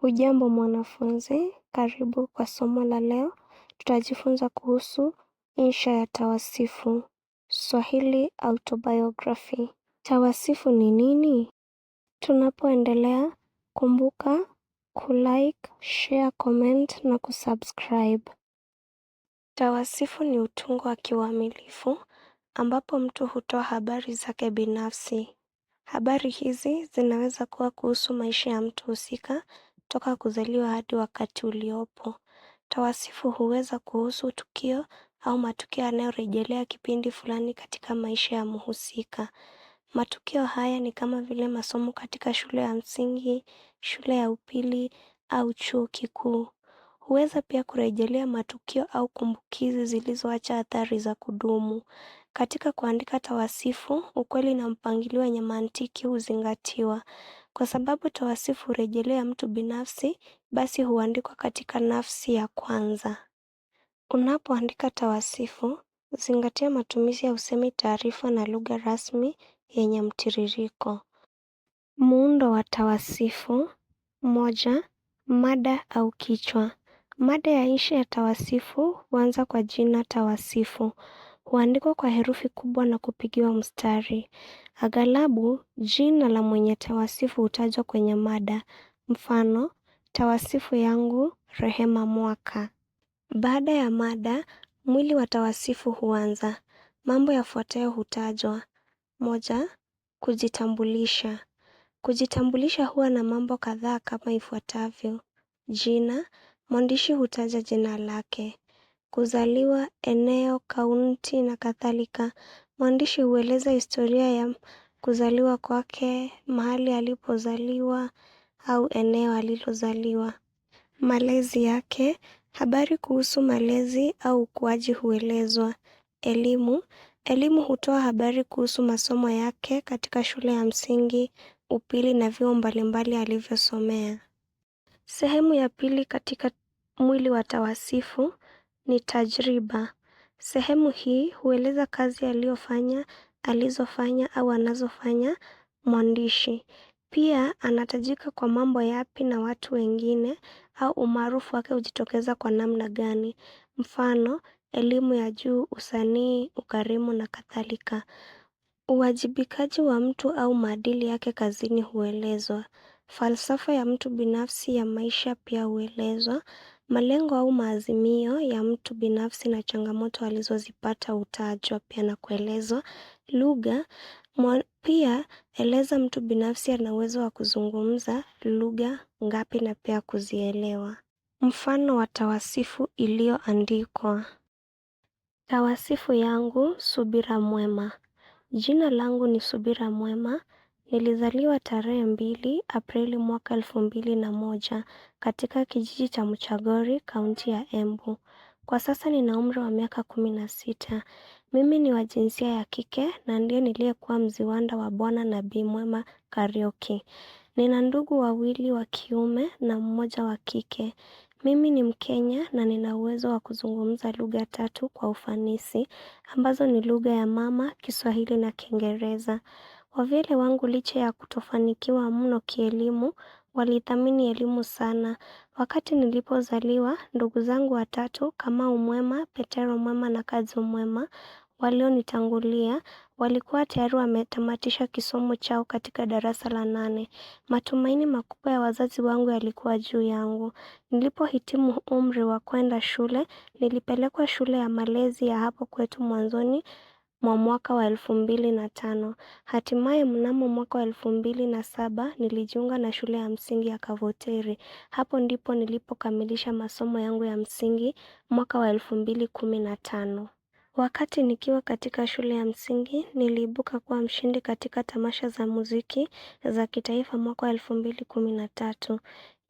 Hujambo mwanafunzi, karibu kwa somo la leo. Tutajifunza kuhusu insha ya tawasifu, Swahili Autobiography. Tawasifu ni nini? Tunapoendelea, kumbuka kulike, share, comment na kusubscribe. Tawasifu ni utungo wa kiuamilifu ambapo mtu hutoa habari zake binafsi. Habari hizi zinaweza kuwa kuhusu maisha ya mtu husika, toka kuzaliwa hadi wakati uliopo. Tawasifu huweza kuhusu tukio au matukio yanayorejelea kipindi fulani katika maisha ya mhusika. Matukio haya ni kama vile masomo katika shule ya msingi, shule ya upili au chuo kikuu. Huweza pia kurejelea matukio au kumbukizi zilizoacha athari za kudumu. Katika kuandika tawasifu, ukweli na mpangilio wenye mantiki huzingatiwa. Kwa sababu tawasifu hurejelea mtu binafsi, basi huandikwa katika nafsi ya kwanza. Unapoandika tawasifu, zingatia matumizi ya usemi, taarifa na lugha rasmi yenye mtiririko. Muundo wa tawasifu: moja, mada au kichwa. Mada ya insha ya tawasifu huanza kwa jina tawasifu huandikwa kwa herufi kubwa na kupigiwa mstari. Aghalabu, jina la mwenye tawasifu hutajwa kwenye mada, mfano, tawasifu yangu Rehema Mwaka. Baada ya mada, mwili wa tawasifu huanza. Mambo yafuatayo hutajwa. Moja, kujitambulisha. Kujitambulisha huwa na mambo kadhaa kama ifuatavyo: Jina, mwandishi hutaja jina lake kuzaliwa, eneo, kaunti na kadhalika. Mwandishi hueleza historia ya kuzaliwa kwake, mahali alipozaliwa au eneo alilozaliwa. Malezi yake, habari kuhusu malezi au ukuaji huelezwa. Elimu, elimu hutoa habari kuhusu masomo yake katika shule ya msingi, upili na vyuo mbalimbali alivyosomea. Sehemu ya pili katika mwili wa tawasifu ni tajriba. Sehemu hii hueleza kazi aliyofanya, alizofanya au anazofanya mwandishi. Pia anatajika kwa mambo yapi na watu wengine au umaarufu wake hujitokeza kwa namna gani. Mfano, elimu ya juu, usanii, ukarimu na kadhalika. Uwajibikaji wa mtu au maadili yake kazini huelezwa. Falsafa ya mtu binafsi ya maisha pia huelezwa, malengo au maazimio ya mtu binafsi na changamoto alizozipata hutajwa pia na kuelezwa. Lugha, pia eleza mtu binafsi ana uwezo wa kuzungumza lugha ngapi na pia kuzielewa. Mfano wa tawasifu iliyoandikwa. Tawasifu yangu, subira mwema. Jina langu ni subira mwema Nilizaliwa tarehe mbili Aprili mwaka elfu mbili na moja katika kijiji cha Mchagori, kaunti ya Embu. Kwa sasa nina umri wa miaka kumi na sita. Mimi ni wa jinsia ya kike na ndiye niliyekuwa mziwanda wa bwana na bi Mwema Kariuki. Nina ndugu wawili wa kiume na mmoja wa kike. Mimi ni mkenya na nina uwezo wa kuzungumza lugha tatu kwa ufanisi ambazo ni lugha ya mama, kiswahili na kiingereza. Wavyele wangu licha ya kutofanikiwa mno kielimu, walithamini elimu sana. Wakati nilipozaliwa, ndugu zangu watatu kama umwema Petero mwema na kazi umwema walionitangulia, walikuwa tayari wametamatisha kisomo chao katika darasa la nane. Matumaini makubwa ya wazazi wangu yalikuwa juu yangu. Nilipohitimu umri wa kwenda shule, nilipelekwa shule ya malezi ya hapo kwetu mwanzoni mwa mwaka wa elfu mbili na tano. Hatimaye mnamo mwaka wa elfu mbili na saba nilijiunga na shule ya msingi ya Kavoteri. Hapo ndipo nilipokamilisha masomo yangu ya msingi mwaka wa elfu mbili kumi na tano. Wakati nikiwa katika shule ya msingi niliibuka kuwa mshindi katika tamasha za muziki za kitaifa mwaka wa elfu mbili kumi na tatu.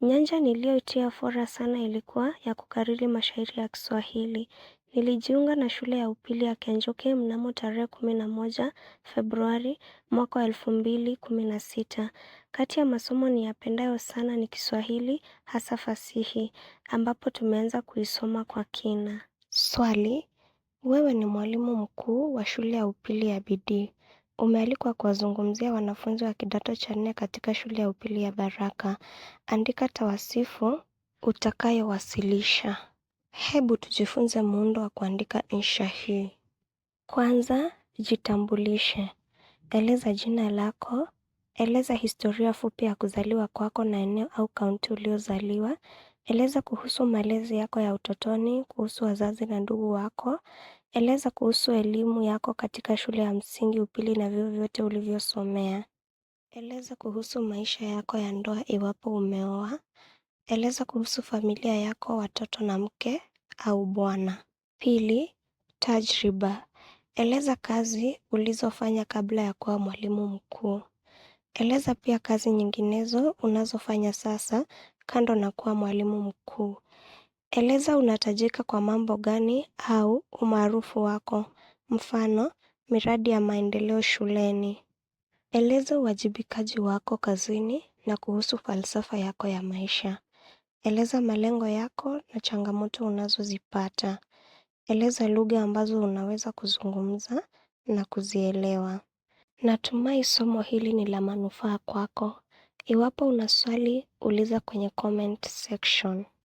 Nyanja niliyoitia fora sana ilikuwa ya kukariri mashairi ya Kiswahili. Nilijiunga na shule ya upili ya Kenjoke mnamo tarehe 11 Februari mwaka wa elfu mbili kumi na sita. Kati ya masomo niyapendayo sana ni kiswahili hasa fasihi ambapo tumeanza kuisoma kwa kina. Swali, wewe ni mwalimu mkuu wa shule ya upili ya bidii. Umealikwa kuwazungumzia wanafunzi wa kidato cha nne katika shule ya upili ya Baraka. Andika tawasifu utakayowasilisha. Hebu tujifunze muundo wa kuandika insha hii. Kwanza, jitambulishe. Eleza jina lako, eleza historia fupi ya kuzaliwa kwako na eneo au kaunti uliozaliwa, eleza kuhusu malezi yako ya utotoni, kuhusu wazazi na ndugu wako, eleza kuhusu elimu yako katika shule ya msingi, upili na vyuo vyote ulivyosomea. Eleza kuhusu maisha yako ya ndoa iwapo umeoa. Eleza kuhusu familia yako, watoto na mke au bwana. Pili, tajriba. Eleza kazi ulizofanya kabla ya kuwa mwalimu mkuu. Eleza pia kazi nyinginezo unazofanya sasa kando na kuwa mwalimu mkuu. Eleza unatajika kwa mambo gani au umaarufu wako. Mfano, miradi ya maendeleo shuleni. Eleza uwajibikaji wako kazini na kuhusu falsafa yako ya maisha. Eleza malengo yako na changamoto unazozipata. Eleza lugha ambazo unaweza kuzungumza na kuzielewa. Natumai somo hili ni la manufaa kwako. Iwapo una swali, uliza kwenye comment section.